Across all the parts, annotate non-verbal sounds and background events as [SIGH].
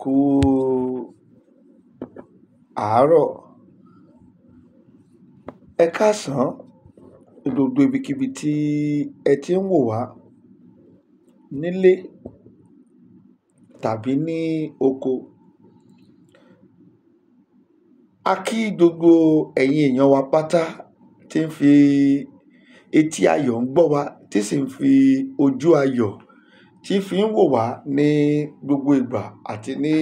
ku àárọ̀, ẹkáàsán ní gbogbo ibikíbi tí ẹ ti ń wò wá nílé tàbí ní oko. A kí gbogbo ẹ̀yin èèyàn wa pátá tí ń fi etí ayọ̀ ń gbọ́ wa, tí sì ń fi ojú ayọ̀ tí fi ń wò wá ní gbogbo ìgbà àti ní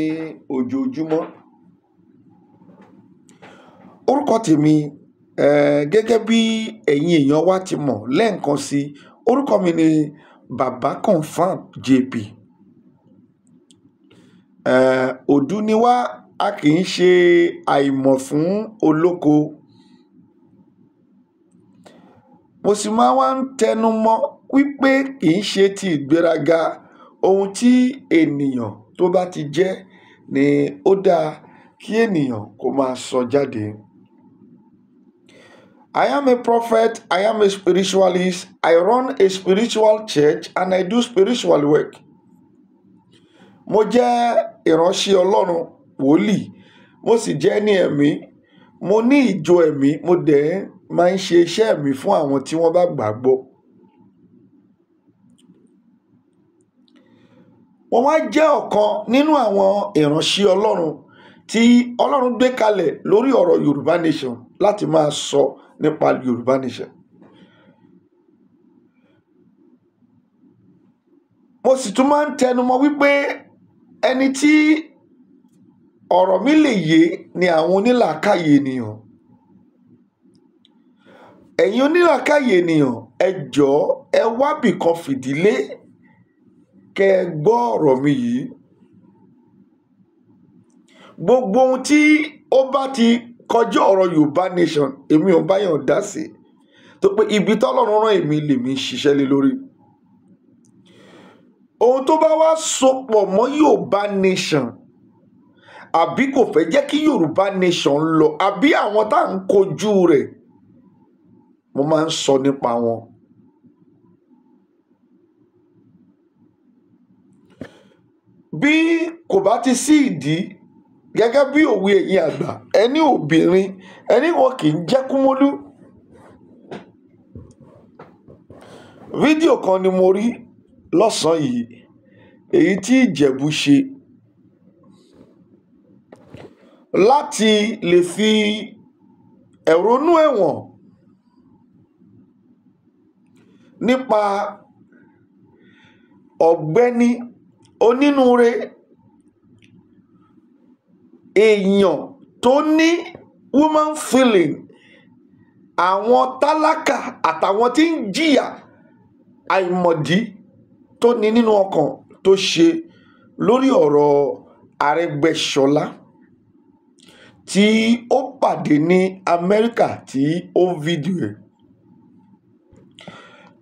ojoojúmọ́. Orúkọ tèmi, gẹ́gẹ́ bí ẹ̀yin èèyàn wa ti mọ̀ lẹ́ẹ̀kan si, orúkọ mi ni Bàbákànfà JP. Eh, òdú ni wá, a kì í ṣe àìmọ̀ fún olóko. Mo sì máa wá ń tẹnumọ́ wípé kì í ṣe ti ìgbéraga ohun tí ènìyàn tó bá ti jẹ́ ni ó dáa kí ènìyàn kó máa sọ jáde. I am a prophet, I am a spiritualist, I run a spiritual church and I do spiritual work. Mo jẹ́ ìránṣẹ́ Ọlọ́run wòlíì, mo sì jẹ́ ní ẹ̀mí, mo ní ìjọ ẹ̀mí, mo dẹ̀ máa ń ṣe iṣẹ́ mi fún àwọn tí wọ́n bá gbàgbọ́. wọ́n wá jẹ́ ọ̀kan nínú àwọn ìránṣẹ́ ọlọ́run tí ọlọ́run gbé kalẹ̀ lórí ọ̀rọ̀ yorùbá nation láti máa sọ nípa yorùbá nation. mo sì tún máa ń tẹnumọ́ wípé ẹni tí ọ̀rọ̀ mi lè yé ni àwọn onílàákàyè ènìyàn ẹ̀yin onílàákàyè ènìyàn ẹ jọ̀ọ́ ẹ wábì kan fìdílé kẹ́ ẹ gbọ́ ọ̀rọ̀ mi yìí gbogbo ohun tí ó bá ti kọjá ọ̀rọ̀ Yorùbá nation èmi ò báyàn dá sí tó pé ibi tọ́lọ́run rán èmi lèmi ṣiṣẹ́ lé lórí ohun tó bá wá sopọ̀ mọ́ Yorùbá nation àbí kò fẹ́ jẹ́ kí Yorùbá nation lọ àbí àwọn tá à ń kojú rẹ̀ mo máa ń sọ nípa wọn bí kò bá ti sí ìdí gẹ́gẹ́ bí òwe ẹ̀yin àgbà ẹni obìnrin ẹni wọn kì í jẹ́ kúmọ́lú. fídíò kan ni mo rí lọ́sàn yìí èyí tí ìjẹ̀bù ṣe láti lè fi ẹ̀rọnú ẹ̀wọ̀n nípa ọ̀gbẹ́ni onínúure èèyàn tó ní woman feeling àwọn tálákà àtàwọn tí ń jìyà àìmọ̀dí tó ní nínú ọkàn tó ṣe lórí ọ̀rọ̀ Arẹ́gbẹ́ṣọlá tí ó pàdé ní Amẹ́ríkà tí ó ń fídíò ẹ̀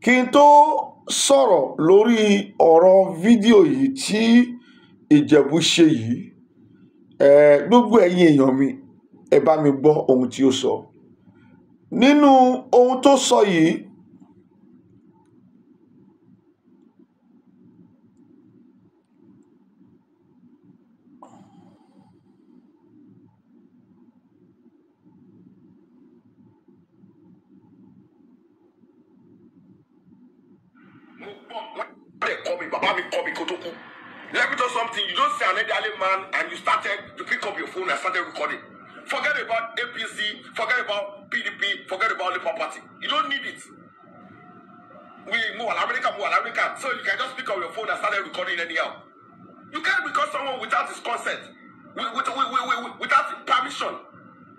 kí n tó sọ̀rọ̀ lórí ọ̀rọ̀ fídíò yìí tí ìjẹ̀bù ṣe yìí ẹ gbogbo ẹ̀yin èèyàn mi ẹ bá mi gbọ́ ohun tí ó sọ nínú ohun tó sọ yìí when I started recording. Forget about APC, forget about PDP, forget about Labour Party. You don't need it. We move on America, move on America. So you can just pick up your phone and start recording anyhow. You can't record someone without his consent, with, with, with, with, without permission.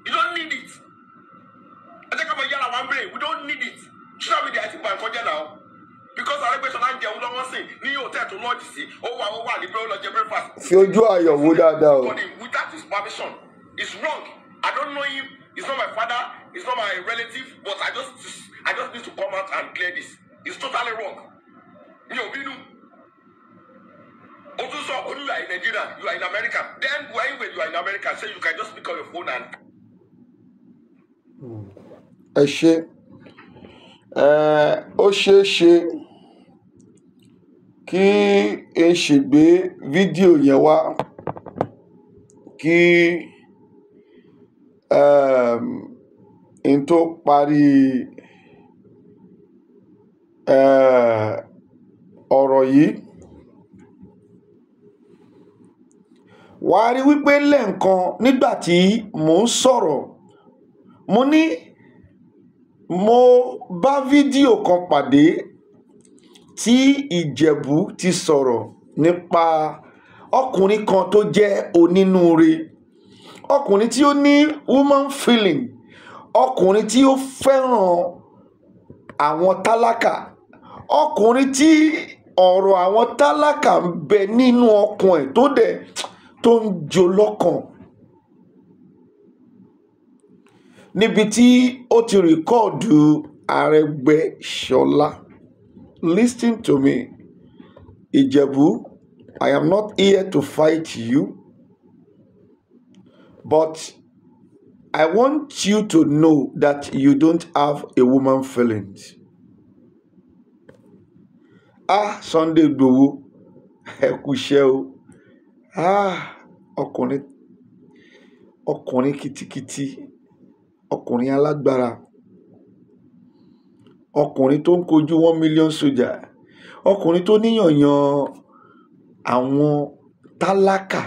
You don't need it. I think I'm a yellow one brain. We don't need it. Should I be the IT bank on now? Because Arẹ́gbẹ́sọ̀lá náà ń jẹun lọ́wọ́ sí ní hòtẹ́ẹ̀lì tó lọ́ọ̀dì sí. Ó wà ó wà ní pé ó lọ jẹ breakfast. Fi ojú ayọ̀ wo dáadáa o permission. It's wrong. I don't know him. It's not my father. It's not my relative. But I just I just need to come out and clear this. It's totally wrong. Mi ò bínú. Otu sọ o oh, you are in Nigeria, you are in America. Then why when you are in America say you can just pick up your phone and. Ẹ ṣe ó ṣeé ṣe kí n ṣègbè fídíò yẹn wá kí um n tó parí um ọ̀rọ̀ yìí wà á rí wípé lẹ́ẹ̀kan nígbà tí mò ń sọ̀rọ̀ mo ní mo bá fídíò kan pàdé tí ìjẹ̀bú ti sọ̀rọ̀ nípa ọkùnrin kan tó jẹ́ onínúure ọkùnrin tí ó ní woman feeling ọkùnrin tí ó fẹ́ràn àwọn tálákà ọkùnrin tí ọ̀rọ̀ àwọn tálákà ń bẹ nínú ọkàn ẹ̀ tó dẹ̀ tó ń jó lọ́kàn. níbi tí ó ti rìkọ́ọ̀dù Arẹ́gbẹ́ṣọlá listen to me Ìjẹ̀bú I am not here to fight you, but I want you to know that you don't have a woman feelings. Ah, Sunday Igboho, ẹ kú Ah, ọkùnrin ọkùnrin kitikiti, ọkùnrin alágbára, ọkùnrin tó ń kojú one million soldier, ọkùnrin tó níyànyàn àwọn tálákà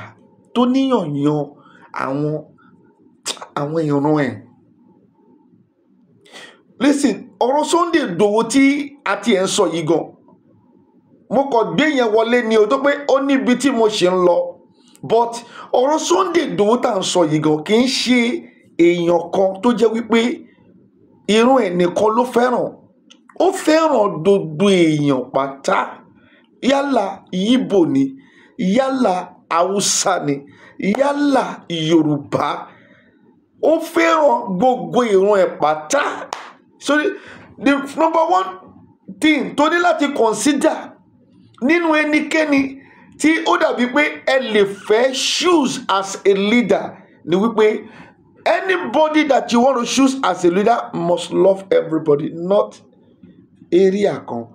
tó níyànyàn àwọn, àwọn ìran ẹ̀. Listen, ọ̀rọ̀ Sunday Igboho tí a ti ẹ̀ ń sọ yìí gan. Mo kàn gbé yẹn wọlé ni o tó pé ó níbi tí mo ṣì ń lọ. But ọ̀rọ̀ Sunday Igboho tá à ń sọ yìí gan kì í ṣe èèyàn kan tó jẹ́ wípé irun ẹ̀ nìkan ló fẹ́ràn. Ó fẹ́ràn gbogbo èèyàn pátá yálà Ìgbò ni yálà haúsá ni yálà yorùbá ó fẹ́ràn gbogbo ìran ẹ̀ pátá sórí the number one thing tó ní láti consider nínú ẹnikẹ́ni tí ó dàbí pé ẹ lè fẹ́ choose as a leader ni wípé anybody that you want to choose as a leader must love everybody not area kan.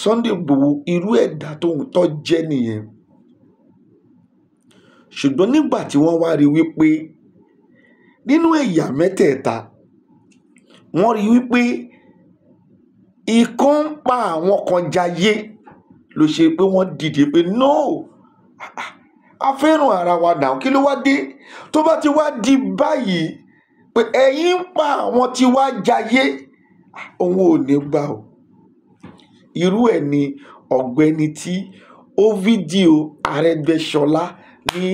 Sunday Igboho irú ẹ̀dá tóun tọ́ jẹ́ nìyẹn ṣùgbọ́n nígbà tí wọ́n wá rí wípé nínú ẹ̀yà mẹ́tẹ̀ẹ̀ta wọ́n rí wípé ikán ń pa àwọn kan jayé ló ṣe pé wọ́n dìde pé no a fẹ́ràn ara wa dàn kí ló wá dé tó bá ti wá di báyìí pé ẹ̀yin ń pa àwọn tí wá jayé òun ò ní gbà o irú ẹ̀ ni ọ̀gbẹ́ni tí ó fídíò Arẹ́gbẹ́ṣọlá ní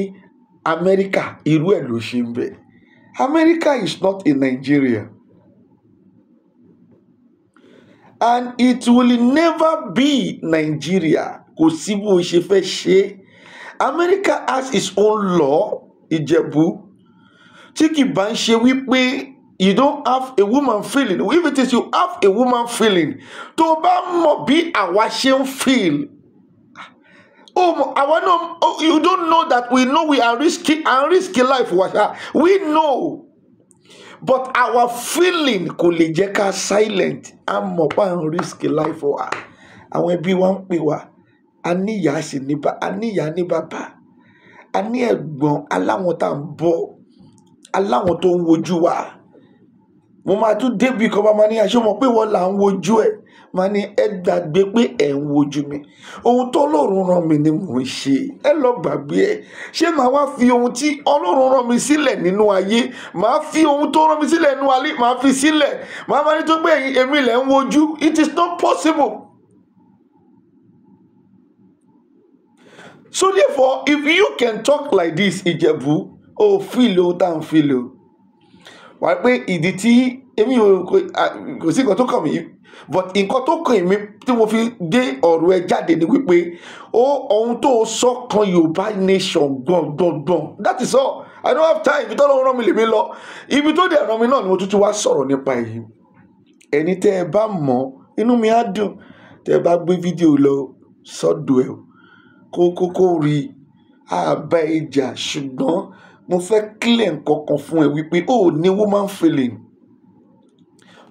Amẹ́ríkà irú ẹ̀ ló ṣe ń bẹ̀. America is not a Nigeria. and it will never be Nigeria kò sí bó ṣe fẹ́ ṣe America has its own law Ìjẹ̀bú tí kì bá ń ṣe wípé you don't have a woman feeling if it is you have a woman feeling tó o bá mọ̀ bí àwa ṣe ń feel oh mo àwa náà oh you don't know that we know we are risky and risky life wasa we know but our feeling kò lè jẹ́ ká silent and mọ̀ pa and risky life wa àwọn ẹbí wa ń pè wá a níyàá sì ní bá a níyàá ní bàbá a ní ẹ̀gbọ́n aláwọn tá à ń bọ̀ aláwọn tó ń wojú wa mo máa tún débi kan bá máa ní aṣọ mọ pé wọn là ń wojú ẹ máa ní ẹ gbàgbé pé ẹ ń wojú mi ohun tó Ọlọ́run rán mi ni mò ń ṣe ẹ lọ gbàgbé ẹ ṣé màá wá fi ohun tí Ọlọ́run rán mi sílẹ̀ nínú ayé màá fi ohun tó rán mi sílẹ̀ nínú ayé màá fi sílẹ̀ màá máa ní tó pé èmi lẹ̀ ń wojú it is not possible. so therefore if you can talk like this Ìjẹ̀bú o feel o tá n feel o wà pé ìdí tí èmi kò sí nǹkan tó kàn mí but nǹkan tó kàn mí tí mo fi dé ọ̀rọ̀ ẹ jáde ni wípé ó ohun tó sọ kan yorùbá nation gbọ̀ngbọ̀ngbọ̀n that is all i don't have time ibi tó lọ́wọ́ rán mi lèmi lọ ibi tó dẹ̀ rán mi náà ni mo tún ti wá sọ̀rọ̀ nípa èyí ẹni tẹ́ ẹ bá mọ̀ inú mi á dùn tẹ́ ẹ bá gbé fídíò lọ sọ́dọ̀ ẹ̀ kó kókó rí àbá ìjà ṣùgbọ́n mo fẹ́ clear nǹkan kan fún ẹ wípé o ò ní woman feeling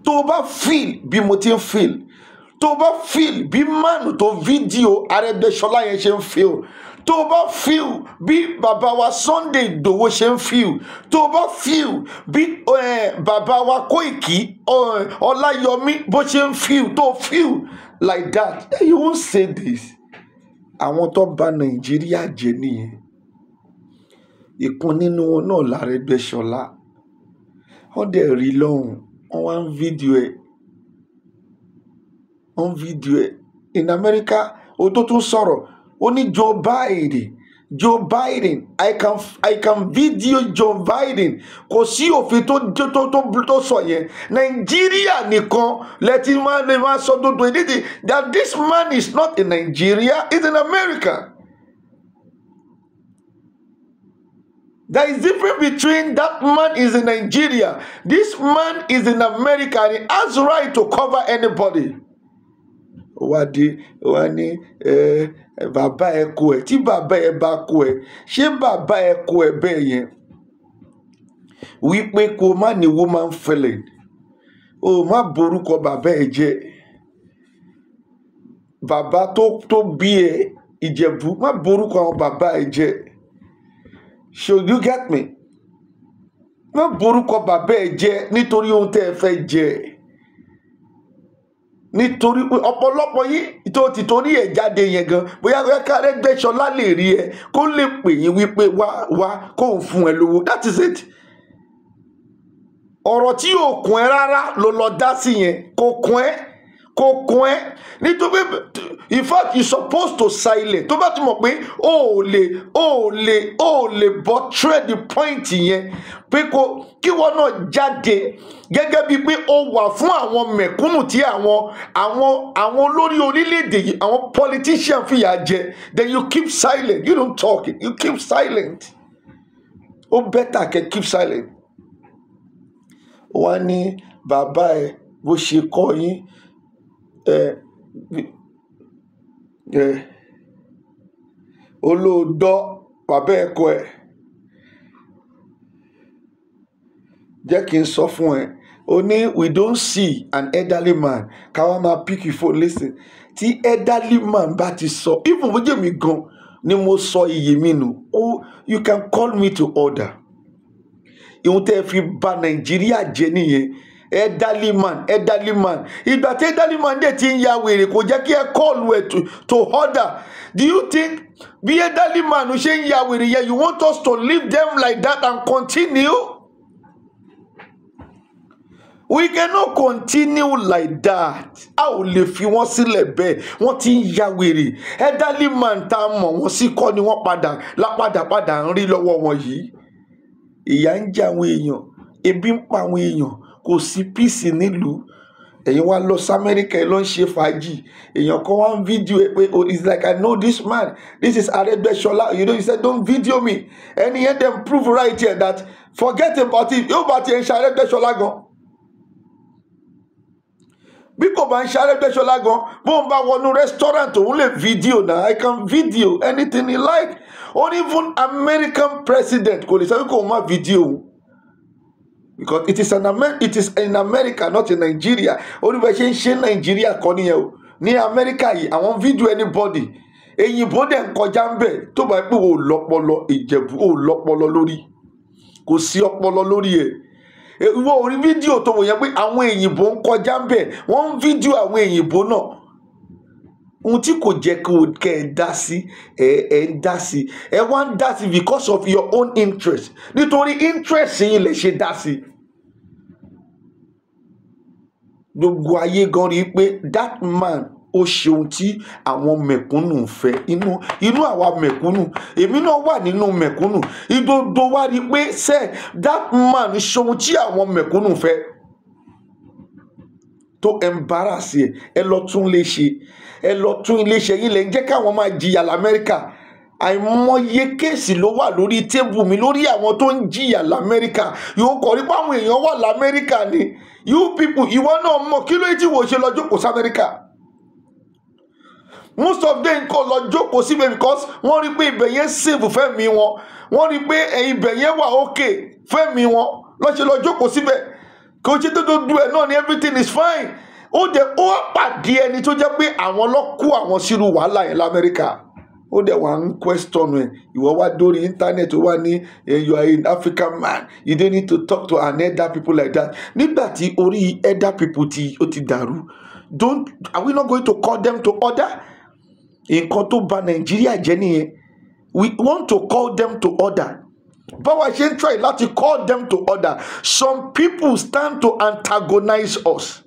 tó o bá feel bí mo ti ń feel tó o bá feel bí mánu tó fídíò Arẹ́gbẹ́ṣọlá yẹn ṣe ń feel tó o bá feel bí bàbá wa Sunday Ìdòwò ṣe ń feel tó o bá feel bí bàbá wa Kóìkì Ọláyọmí bó ṣe ń feel tó o feel like that you won't say this àwọn tó bà Nàìjíríà jẹ́ nìyẹn ìkan nínú wọn náà Lárédéṣọlá wọ́n dẹ̀ rí lọ́hùn wọ́n wá ń fídíò ẹ̀ wọ́n ń fídíò ẹ̀ in America ó tó tún sọ̀rọ̀ ó ní Joe Biden Joe Biden I can I can video Joe Biden kò sí òfin tó tó tó tó sọ yẹn Nàìjíríà nìkan lẹ́tí máa lè máa sọ dodo ìdíje that this man is not in Nigeria he's in America. There is difference between that man is in Nigeria, this man is in America, and he has right to cover anybody. Wá di wá ní bàbá ẹ kú ẹ tí bàbá ẹ bá kú ẹ ṣé bàbá ẹ kú ẹ bẹ́ẹ̀ yẹn wípé kó má ní woman felon o má borúkọ bàbá ẹ jẹ́ bàbá tó tó bí ẹ Ìjẹ̀bú má borúkọ àwọn bàbá ẹ jẹ́. Should you get me? má borúkọ bàbá ẹ jẹ nítorí ohun tẹ́ ẹ fẹ́ jẹ nítorí pé ọ̀pọ̀lọpọ̀ yìí tó ti torí ẹ̀ jáde yẹn gan bóyá Arẹ́gbẹ́ṣọlá lè rí ẹ kó lè pè yín wípé wá wá kó ń fún ẹ lówó that is it ọ̀rọ̀ tí yóò kún ẹ rárá ló lọ dá sí yẹn kò kún ẹ kò kún nítorí in fact you supposed to silent tó bá ti mọ̀ pé o ò lè o ò lè o ò lè buttress the point yẹn pé kò kí wọn náà jáde gẹ́gẹ́ bíi pé o wà fún àwọn mẹ̀kúnnù tí àwọn àwọn àwọn olórí orílẹ̀-èdè yìí àwọn politician fìyà jẹ then you keep silent you don't talk you keep silent ó bẹ́tà kẹ́ keep silent wọ́n á ní bàbá ẹ̀ bó ṣe kọ́ yín Oloodo bàbá ẹkọ ẹ̀ jẹ́ kí n sọ fún ẹ ó ní we don't see an elderly man ká wá máa pick your phone listen tí elderly man bá ti sọ even bó jẹ́ mi gan ni mo sọ iyì mi nù oh you can call me to order ìhun tẹ́ fi bà nàìjíríà jẹ́ nìyẹn elderly man elderly man ìgbà tí elderly man dé ti ń ya wèrè kò jẹ́ kí ẹ kọ́ọ̀lù ẹ̀ to order do you think bí elderly man ṣe ń ya wèrè yẹn you want us to leave them like that and continue we cannot continue like that a ò lè fi wọ́n sílẹ̀ bẹ́ẹ̀ wọ́n ti ń ya wèrè elderly man tá a mọ̀ wọ́n sí kọ́ ni wọ́n padà lápadàpadà ń rí lọ́wọ́ wọn yìí ìyà ń jẹ àwọn èèyàn ebi ń pa àwọn èèyàn kò sí peace nílùú ẹ̀yin wá lọ sí amẹ́ríkà ẹ̀ ló ń ṣe fàájì èèyàn kan wá ń fídíò ẹ pé oh it's like i know this man this is Arẹ́gbẹ́ṣọlá you know he said don't video me ẹni yẹn dem prove right here that forget about it yóò bá tiẹ̀ ń ṣe Arẹ́gbẹ́ṣọlá gan bí kò bá ń ṣe Arẹ́gbẹ́ṣọlá gan bó ń bá wọnú restaurant òun lè video na i can video anything he like or even American president kò lè sọ pé kò má video òun because it is an Amer it is in America not in Nigeria olùbẹ̀ ṣe ń ṣe Nigeria kọ́ nìyẹn o ní America I àwọn video anybody èyìnbó dẹ̀ ń kọjá ń bẹ̀ tó bá pé o lọ́pọlọ ìjẹ̀bú o lọ́pọlọ lórí kò sí ọpọlọ lórí ẹ̀ ìwọ orí fídíò tó wò yẹn pé àwọn èyìnbó ń kọjá ń bẹ̀ wọ́n ń fídíò àwọn èyìnbó náà ohun tí kò jẹ́ kí kẹ́ ẹ dá sí ẹ ẹ ń dá sí ẹ wá ń dá sí because of your own interest nítorí interest yìí lè ṣe dá sí gbogbo ayé gan rí i pé that man ó ṣeun tí àwọn mẹ̀kúnnù ń fẹ́ inú inú àwa mẹ̀kúnnù èmi náà wà nínú mẹ̀kúnnù ìdodo wá rí i pé sẹ́ that man ṣeun tí àwọn mẹ̀kúnnù fẹ́ tó embarrass ẹ ẹ lọ tún lè ṣe ẹ lọ tún ilé ṣe yín lẹ jẹ́ káwọn máa jìyà lamẹ́ríkà àìmọye kéèsì ló wà lórí tébù mi lórí àwọn tó ń jìyà lamẹ́ríkà yóò kọ́ rí páwọn èèyàn wà lamẹ́ríkà ni you people ìwọ náà mọ̀ kí ló ti wò ṣe lọ jókòó samẹ́ríkà most of them kò lọ jókòó síbẹ̀ because wọ́n rí pé ibẹ̀ yẹn save fẹ́mi wọn wọ́n rí pé ibẹ̀ yẹn wà okay fẹ́mi wọn lọ́ṣẹ̀ lọ jókòó síbẹ̀ kò ṣe tó dodo ẹ̀ náà ni everything is fine ó jẹ́ ó pàdé ẹni tó jẹ́ pé àwọn ló kó àwọn sírú wàhálà yẹn lamẹ́ríkà. La ó dẹ̀ wà ń question ẹ̀ ìwọ wá dórí internet wà ní eh, you are an African man you dey need to talk to an elder people like that nígbà tí orí elder people ti ó ti dàrú don't are we not going to call them to order nǹkan tó bà Nàìjíríà jẹ́ nìyẹn we want to call them to order báwa ṣe ń try láti call them to order some people stand to antagonize us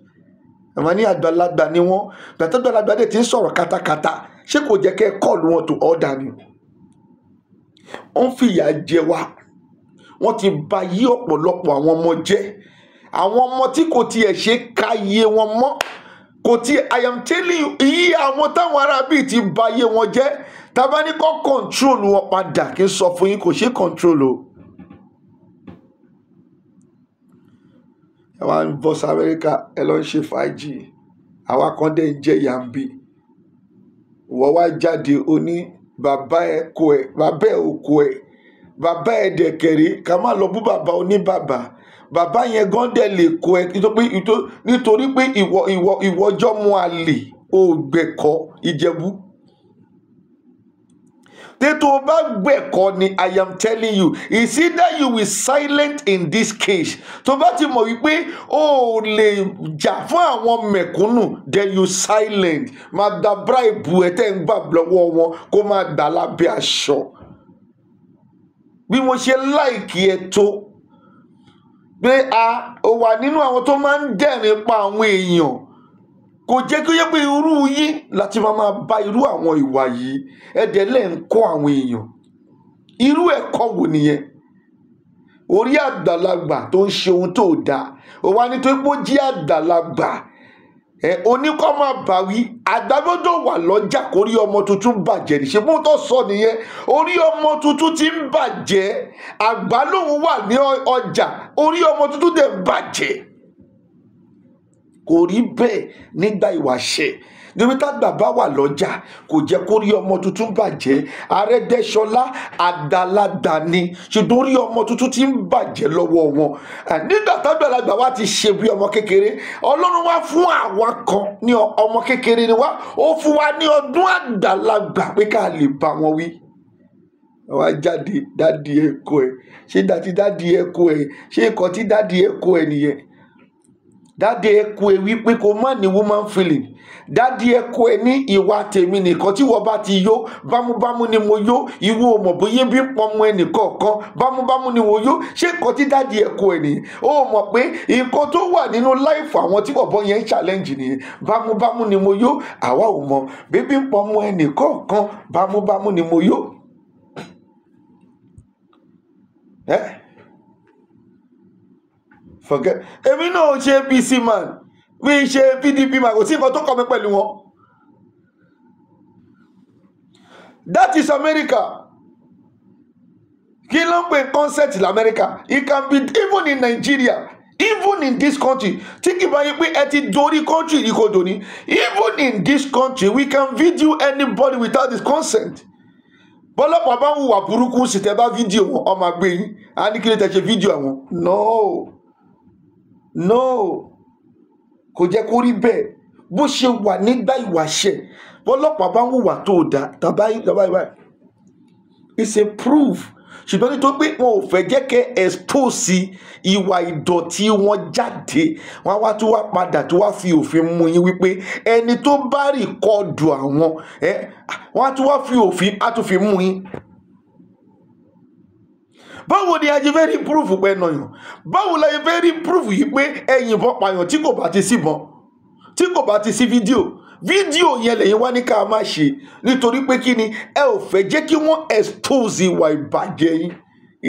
àwọn ní àgbàlagbà ni wọn gbàtàgbàlagbà dẹ̀ ti ń sọ̀rọ̀ katakata ṣé kò jẹ́ kẹ́ kọ́ọ̀lù wọn tó ọ̀dà ni wọ́n fìyà jẹ wá wọ́n ti ba yí ọ̀pọ̀lọpọ̀ àwọn ọmọ jẹ́ àwọn ọmọ tí kò tiẹ̀ ṣe ka iye wọn mọ́ kò tí i am telling you iye àwọn táwọn arábì ti ba iye wọn jẹ́ tábà ní control wọn padà kí n sọ fún yín kò ṣe control o. ẹ wá ń bọ́ sí amẹ́ríkà ẹ lọ ń ṣe fàájì àwa kan dẹ̀ ń jẹ́ yàǹbì ìwọ wá jáde ó ní bàbá ẹ kọ ẹ bàbá ẹ ò kọ ẹ bàbá ẹ dẹ̀kẹ̀rẹ́ ká má lọ bú bàbá oníbàbà bàbá yẹn gan dẹ̀ lè kọ ẹ nítorí pé ìwọ ìwọ ìwọ jọmọ àlè ìjẹ̀bú pé tó o bá gbẹ̀kọ́ ni i am telling you is it that you will silent in this case tó bá ti mọ̀ wípé o ò lè jà fún àwọn mẹ̀kúnnù then you silent máa da bribe ẹ tẹ́ ń gbà lọ́wọ́ wọn kó máa dà lábẹ́ aṣọ bí mo ṣe láìkí ẹ tó pé a ò wà nínú àwọn tó máa ń dẹ̀rín pa àwọn èèyàn kò jẹ́ kí ó yẹ pé irú yín láti máa máa bá irú àwọn ìwà yìí ẹ̀dẹ̀ lẹ́ ń kọ́ àwọn èèyàn irú ẹ̀kọ́ wo nìyẹn orí àgbàlagbà tó ń ṣe ohun tó dáa ó wá nítorí pé ó jẹ́ àgbàlagbà ẹ oníkọ́ máa wà lọ́jà kórí ọmọ tuntun bàjẹ́ ní ṣebí tó sọ nìyẹn orí ọmọ tuntun ti ń bàjẹ́ àgbà wà ní ọjà orí ọmọ tuntun dẹ̀ ń bàjẹ́ kò rí bẹ́ẹ̀ nígbà ìwàṣẹ̀ níbi tágbà bá wà lọ́jà kò jẹ́ kó rí ọmọ tuntun bàjẹ́ Arẹ́dẹ́ṣọlá àgbàlagbà ni ṣùgbọ́n rí ọmọ tuntun ti ń bàjẹ́ lọ́wọ́ wọn nígbà tágbàlagbà wa ti ṣe bí ọmọ kékeré Ọlọ́run wá fún àwa kan ní ọmọ kékeré ni wá ó fún wa ní ọdún àgbàlagbà pé ká lè bá wọn wí wá jáde dádìí ẹ̀kọ́ ẹ̀ ṣé dàtí dádìí ẹ̀kọ́ ẹ̀ ṣé ikọ̀ tí dádìí ẹ̀kọ́ ẹ̀ nìyẹn dáàdi ẹkọ ẹ wípé kò má ní woman feeling dáàdi ẹkọ ẹ ní ìwà tèmi nìkan tí wọ́n bá ti yó bámúbámú ni mo yó ìwọ ò mọ̀ bóyá bí pọnmọ ẹnìkọ̀ọ̀kan bámúbámú ni mo yó ṣé nǹkan tí dáàdi ẹkọ ẹ nìyẹn ó mọ̀ pé nǹkan tó wà nínú láìfù àwọn tí bọ̀bọ̀ yẹn ń challenge nìyẹn bámúbámú ni mo yó àwa ò mọ̀ bíbí pọnmọ ẹnìkọ̀ọ̀kan bámúbámú ni mo yó. Eh? [COUGHS] forget èmi náà ṣe apc man mi ṣe pdp man kò sí nǹkan tó kọ mi pẹ̀lú wọn that is america kí ló ń pè concept lamẹ́ríkà it can be even in nigeria even in this country tí kì bá yí pé ẹ ti dorí country yìí kò dòní even in this country we can video anybody without his consent bọ́lọ́pàá bá ń hùwà burúkú sì tẹ́ bá fídíò wọn ọmọ àgbẹ̀yìn á ní kí ló tẹ̀ ṣe fídíò àwọn no no kò jẹ́ kó rí bẹ́ẹ̀ bó ṣe wà nígbà ìwàṣẹ̀ bọ́lọ́pàá bá ń hùwà tó dáa tàbá tàbá ìwà it's a proof ṣùgbọ́n nítorí pé wọn ò fẹ́ jẹ́ kẹ́ expose ìwà ìdọ̀tí wọn jáde wọn wá tó wá padà tó wá fi òfin mú yín wípé ẹni tó bá rìkọ́dù àwọn wọn á tó wá fi òfin á tó fi mú yín báwo ni ayé fẹ́ rí púrúfù pé ẹnàyàn báwo la fẹ́ rí púrúfù yìí pé ẹ̀yìn ìbọn pààyàn tí kò bá ti sí ìbọn tí kò bá ti sí fídíò fídíò yẹn lẹ́yìn wá ní ká má ṣe nítorí pé kí ni ẹ ò fẹ́ jẹ́ kí wọ́n expose ìwà ìbàjẹ́ yín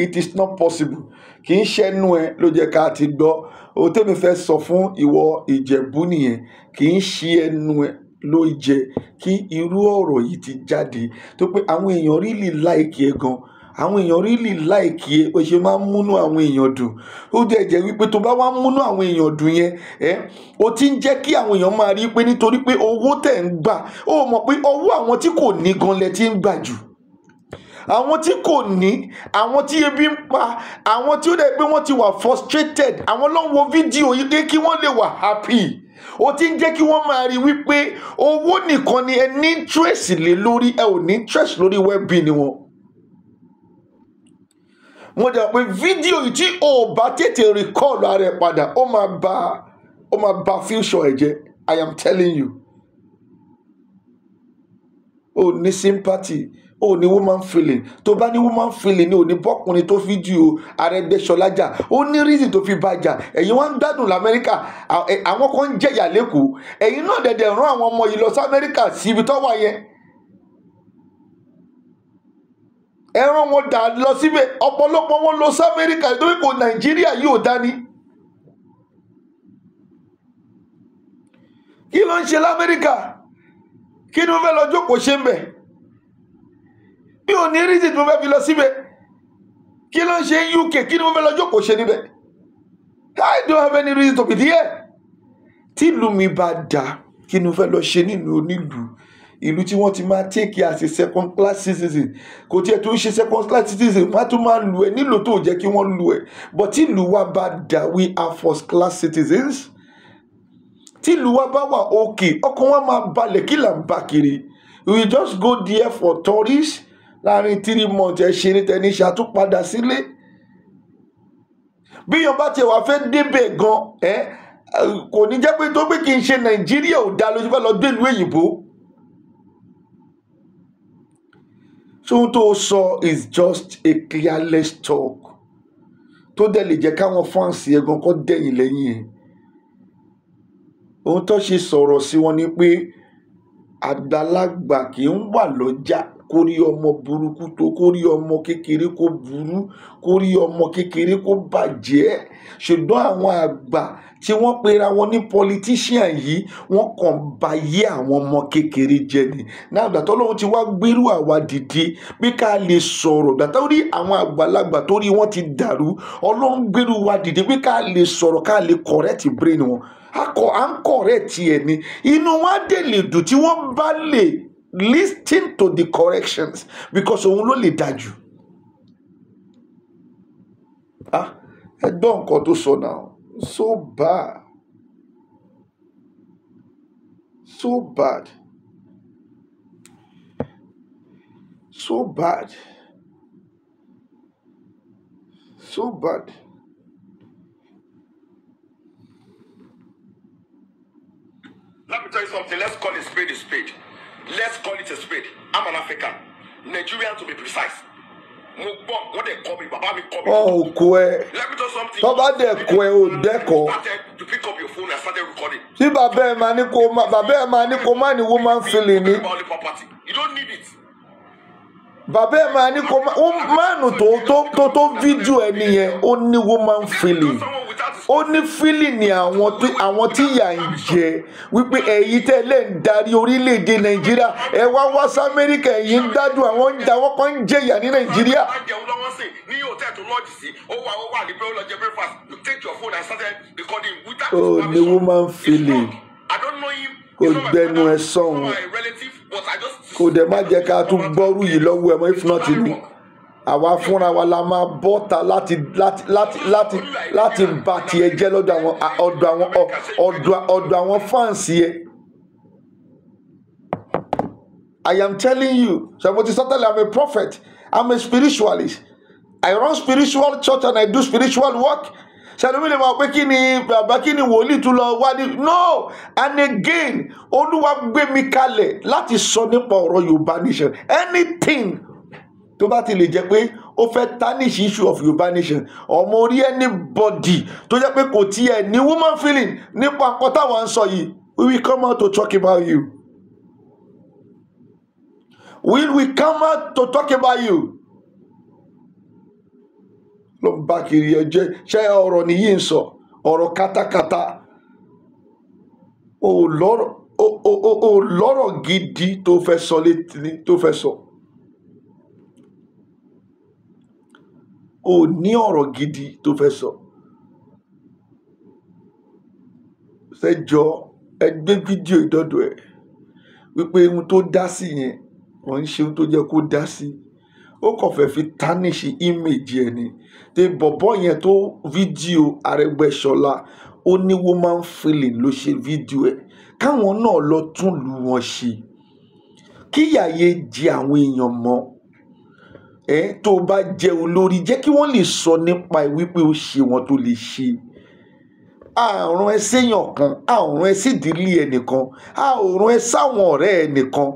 it is not possible kì í ṣẹnu ẹ ló jẹ́ ká ti gbọ́ ohun tẹ́mi fẹ́ sọ fún ìwọ ìjẹ̀bú nìyẹn kì í ṣe ẹnu ẹ ló jẹ́ kí irú ọ̀rọ̀ yìí ti jáde tó pé àwọn èèyàn rí lè láìkí ẹ gan-an àwọn èèyàn rílì láìkí ẹ bó ṣe máa ń múnú àwọn èèyàn dùn ó dẹ̀ jẹ́ wípé tó bá wá ń múnú àwọn èèyàn dùn yẹn ẹ o ti ń jẹ́ kí àwọn èèyàn máa rí pé nítorí pé owó tẹ̀ ń gbà ó mọ̀ pé owó àwọn tí kò ní gan lẹ ti ń gbà jù àwọn tí kò ní àwọn tí ebi ń pa àwọn tí ó dẹ̀ pé wọ́n ti wà frustrated àwọn ló ń wo fídíò yìí dé kí wọ́n lè wà happy ó ti ń jẹ́ kí wọ́n máa rí wípé owó nìkan ni ẹ ní interest lé lórí ẹ ò ní interest lórí well-being wọn mo dẹ̀ pé fídíò yìí tí o bá tètè rìkọ́ọ̀lù ara ẹ̀ padà ó máa ba ó máa ba future ẹ̀ jẹ́ i am telling you o ní sympathy o ní woman feeling tó bá ní woman feeling ni o ní bọ́kùnrin tó fídíò Arẹ́gbẹ́ṣọlá jà ó ní reason tó fi bá jà ẹ̀yin wá ń gbádùn l'Amẹ́ríkà àwọn kan ń jẹ̀yà lẹ́kọ̀ọ́ ẹ̀yin náà dẹ̀dẹ̀ rán àwọn ọmọ yìí lọ sí Amẹ́ríkà síbi tó wà yẹn ẹran wọn dà lọ síbẹ̀ ọ̀pọ̀lọpọ̀ wọn lọ sí amẹ́ríkà nítorí kò nàìjíríà yìí dání. kí ló ń ṣe lamẹ́ríkà kí ni mo fẹ́ lọ jókòó ṣe ń bẹ̀ mi ò ní rízì tí mo fẹ́ fi lọ síbẹ̀ kí ló ń ṣe UK kí ni mo fẹ́ lọ jókòó ṣe níbẹ̀ I don't have any reason to be there tí ìlú mi bá dáa kí ni mo fẹ́ lọ ṣe nílùú onílùú ìlú tí wọ́n ti máa take as a second class citizen kò tiẹ̀ tó ń ṣe second class citizen wọ́n á tún máa lù ẹ́ nílò tó jẹ́ kí wọ́n lù ẹ́ but tí ìlú wa bá dà we are first class citizens tí ìlú wa bá wà òkè ọkàn wa máa balẹ̀ kí là ń bá kiri we just go there for tourist. láàrin three months ẹ ṣe ní tẹni ṣàtúpadà sílé bí yan bá tiẹ̀ wá fẹ́ débẹ̀ gan ẹ kò ní jẹ́ pé tó pé kí n ṣe nàìjíríà ò dá lójú bá lọ dé ìlú èyìnbó so ohun tó sọ is just a careless talk tó dẹ̀ lè jẹ́ káwọn fáǹsì ẹ̀gàn kọ́ dẹ̀yìn lẹ́yìn ẹ̀ ohun tó ṣe sọ̀rọ̀ sí wọn ni pé àgbàlagbà kì í wà lọ́jà kórí ọmọ burúkú tó kórí ọmọ kékeré kó burú kórí ọmọ kékeré kó bàjẹ́ ṣùgbọ́n àwọn àgbà tí wọ́n pera wọn ní politician yìí wọ́n kàn ba yé àwọn ọmọ kékeré jẹ́ ni náà gbàtọ́ lóhun ti wá gbérú àwa dìde pé ká lè sọ̀rọ̀ gbàtọ́ rí àwọn àgbàlagbà torí wọ́n ti dàrú ọlọ́run gbérú wa dìde pé ká lè sọ̀rọ̀ ká lè correct brain wọn akọ à ń correct ẹ̀ ni inú wa dẹ̀ lè dùn tí wọ́n bá lè listen to the corrections because òun ló lè dájú ah ẹ gbọ́ nǹkan tó sọ náà so bad so bad so bad so bad. Let me tell you something. Let's call a spade a spade call it a spade i'm an african nigerian to be precise mo gbọ́ wọ́n dẹ̀ kọ́ mi bàbá mi kọ́ mi. wọn ò kó ẹ tó bá dẹ̀ kó ẹ ò dẹ́kọ̀. tí bàbá ẹ máa ní kó bàbá ẹ máa ní kó má ní woman feeling ni. bàbá ẹ máa ní kó má nù tó tó tó fídíò ẹ nìyẹn ó ní woman feeling ó ní fílìnì àwọn tí yà ń jẹ wípé ẹ̀yin tẹ́ lè ń darí orílẹ̀-èdè nàìjíríà ẹ wá wá sí amẹ́ríkà ẹ̀yin ń dájọ́ àwọn ń da wọ́n kàn ń jẹyà ní nàìjíríà. ó ní woman feeling kò gbẹnu ẹ sọ̀hún kò dẹ̀ má jẹ́ ká tún gbọ́rú yìí lọ́wọ́ ẹ̀ mọ́ if not ìlú àwa fúnra wa la máa bọ́ta láti láti láti láti láti bà tiẹ̀ jẹ́ lọ́dọ̀ àwọn ọ̀dọ̀ àwọn ọ̀dọ̀ ọ̀dọ̀ àwọn fáǹsì yẹ. I am telling you, Shabbat Saturday, I'm a prophet. I'm a spiritualist. I run spiritual church and I do spiritual work. Ṣàlùmí lè máa pé kí ni bàbá kí ni wòlíì tún lọ wá ní. No! And again, Olúwa gbé mi kalẹ̀ láti sọ nípa ọ̀rọ̀ Yorùbá nation. Anything tó bá ti lè jẹ́ pé ó fẹ́ tarnish issue of yorùbá nation ọmọ orí anybody tó jẹ́ pé kò tiẹ̀ ní woman feeling nípa nǹkan táwọn ń sọ yìí we will come out to talk about you we will come out to talk about you ló ń bá kiri ẹjẹ ṣé ọ̀rọ̀ nìyí ń sọ ọ̀rọ̀ kátákátá ò lọ́rọ̀ gidi tó fẹ́ sọ létí tó fẹ́ sọ. So ò ní ọ̀rọ̀ gidi tó fẹ́ sọ. sẹ́jọ́ ẹ gbé fídíò ìdọ́dọ̀ ẹ̀ wípé ohun tó dá sí yẹn wọ́n ń ṣe ohun tó jẹ́ kó dá sí ó kàn fẹ́ fi tánìṣì ímèjì ẹ̀ ni tí bọ̀bọ́ yẹn tó fídíò Arẹ́gbẹ́ṣọlá ó ní woman feeling ló ṣe fídíò ẹ̀ káwọn náà lọ tún lù wọ́n ṣe kíyàyé jẹ àwọn èèyàn mọ́ ẹ tó o bá jẹ olórí jẹ́ kí wọ́n lè sọ nípa ẹ wípé o ṣe wọn tó lè ṣe àrùn ẹ séèyàn kan àrùn ẹ sídìílé ẹnìkan àrùn ẹ sáwọn ọ̀rẹ́ ẹnìkan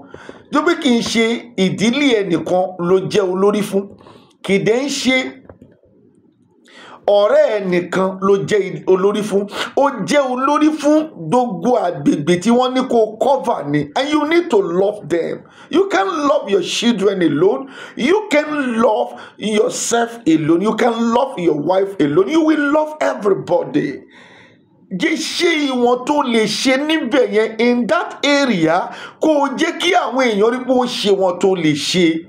tó bí kì í ṣe ìdílé ẹnìkan ló jẹ́ olórí fún kì í dẹ́ ń ṣe ọ̀rẹ́ ẹ̀ nìkan ló jẹ́ olórí fún ó jẹ́ olórí fún gbogbo àgbègbè tí wọ́n ní kó cover ni and you need to love them you can love your children alone you can love yourself alone you can love your wife alone you will love everybody jẹ́ ṣé ìwọ̀n tó lè ṣe níbẹ̀ yẹn in that area kó o jẹ́ kí àwọn èèyàn rí pé ó ṣe wọn tó lè ṣe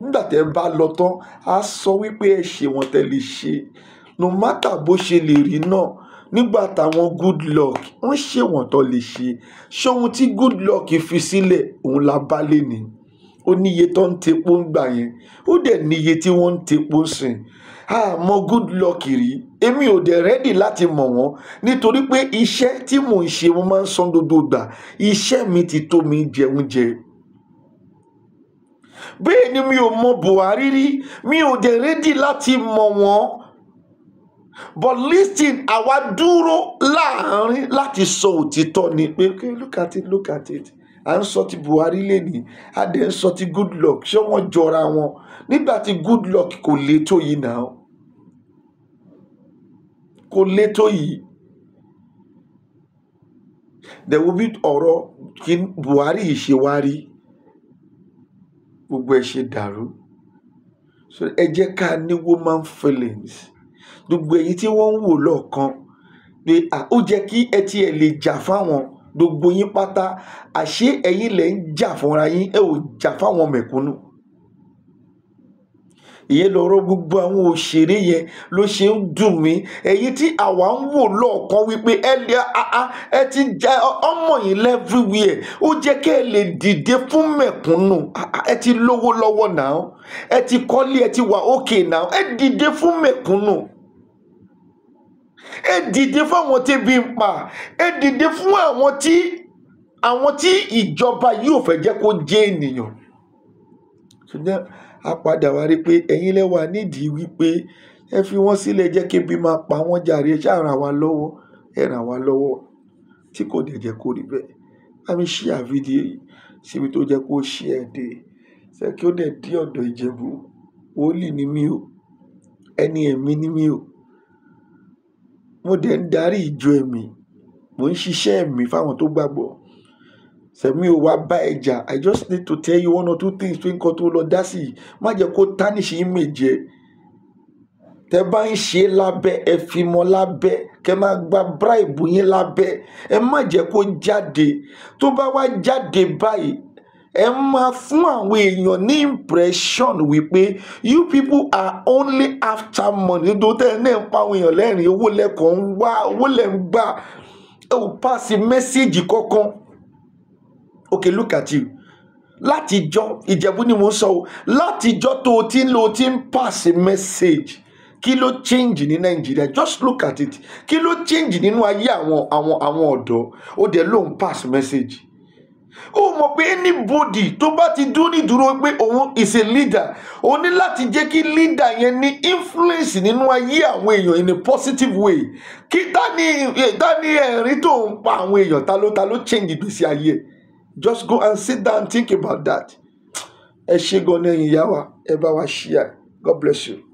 nígbà tẹ́ bá lọ tán á sọ wípé ẹ ṣe wọn tẹ́ lè ṣe no matter bó ṣe lè rí náà nígbà táwọn good luck wọ́n ṣe wọn tó lè ṣe ṣóhun tí good luck fi sílẹ̀ òun la bá lè ní ó níye tó ń tepo ń gbà yẹn ó dẹ̀ níye tí wọ́n ń tepo sìn àmọ́ good luck rí èmi ò dẹ̀ rẹ́dì láti mọ̀ wọ́n nítorí pé iṣẹ́ tí mò ń ṣe mo máa ń san gbogbo gbà iṣẹ́ mi ti tó mi jẹun jẹ bẹ́ẹ̀ ni mi ò mọ buhari rí mi ò dẹ̀ rédí láti mọ̀ wọ́n but listen àwa dúró láàrin láti sọ òtítọ́ ni pé okay look at it look at it à ń sọ ti buhari lẹ́nìí a dẹ̀ ń sọ ti goodluck ṣé wọ́n jọra wọn nígbà tí goodluck kò lè tó yìí náà kò lè tó yìí dẹ̀ wo bí buhari yìí ṣe wá rí gbogbo ẹ̀ ṣe dàrú so ẹ jẹ́ ká ní woman feelings gbogbo èyí tí wọ́n ń wò lọ́ọ̀kan pé ó jẹ́ kí ẹ tiẹ̀ lè jà fáwọn gbogbo yín pátá àṣé ẹ̀yin lẹ̀ ń jà fúnra yín ẹ ò jà fáwọn mẹ̀kúnnù ìyẹn lọ̀rọ̀ gbogbo àwọn òṣèré yẹn ló ṣe ń dùn mí èyí tí àwa ń wò lọ́ọ̀kan wípé ẹ lè ẹ ti jẹ ọmọ yìí lẹ́fúwìẹ̀ ó jẹ́ kẹ́ ẹ lè dìde fún mẹ̀kúnnù ẹ ti lówó lọ́wọ́ náà ẹ ti kọ́lé ẹ ti wà òkè náà ẹ dìde fún mẹ̀kúnnù ẹ dìde fún àwọn tẹ́bi ń pa ẹ dìde fún àwọn tí àwọn tí ìjọba yìí fẹ́ jẹ́ kó jẹ́ ènìyàn a padà wá rí i pé ẹ̀yin lẹ́wà nídìí wípé ẹ fi wọ́n sílẹ̀ jẹ́ kébi máa pa wọ́n jàre ẹ ṣáà ràn wá lọ́wọ́ ẹ ràn wá lọ́wọ́ tí kò dẹ̀ jẹ́ kó rí bẹ́ẹ̀ bá mi ṣí síbi tó jẹ́ kó ṣe ẹ̀ ṣe kí ó dẹ̀ dí ọ̀dọ̀ ìjẹ̀bú wòlíì ni mí o ẹni ẹ̀mí ni mí o mo dẹ̀ ń darí ìjọ ẹ̀mí mo ń ṣiṣẹ́ ẹ̀mí fáwọn tó gbàgbọ́ sẹ̀mí ò wá bá ẹ jà i just need to tell you one or two things tó ń kọ́ tó lọ dá sí i má jẹ́ kó tánìṣì image tẹ bá ń ṣe lábẹ́ ẹ fi mọ́ lábẹ́ kẹ máa gba bribe yín lábẹ́ ẹ má jẹ́ kó jáde tó bá wá jáde báyìí ẹ máa fún àwọn èèyàn ní impression wípé you people are only after money tó tẹ́ ẹ náà ń pa àwọn èèyàn lẹ́rìn owó lẹ́kọ̀ọ́ ń wá owó lẹ́ ń gbà ẹ ò pàṣẹ mẹ́sẹ̀gì kankan okay look at you látijọ́ ìjẹ̀bú ni mo sọ o látijọ́ tó o ti ń lo o ti ń pass a message kí ló change ní nàìjíríà just look at it kí ló change nínú ayé àwọn àwọn àwọn ọ̀dọ́ ó dẹ̀ ló ń pass message ó mọ̀ pé anybody tó bá ti dúró nídúró pé òun is a leader ó ní láti jẹ́ kí leader yẹn ní influence nínú ayé àwọn èèyàn in a positive way kí dání dání ẹ̀rín tó ń pa àwọn èèyàn ta ló ta ló change ìgbésí ayé ẹ̀ just go and sit down think about that ẹ ṣe gan-an ẹ̀yin ìyá wa ẹ god bless you.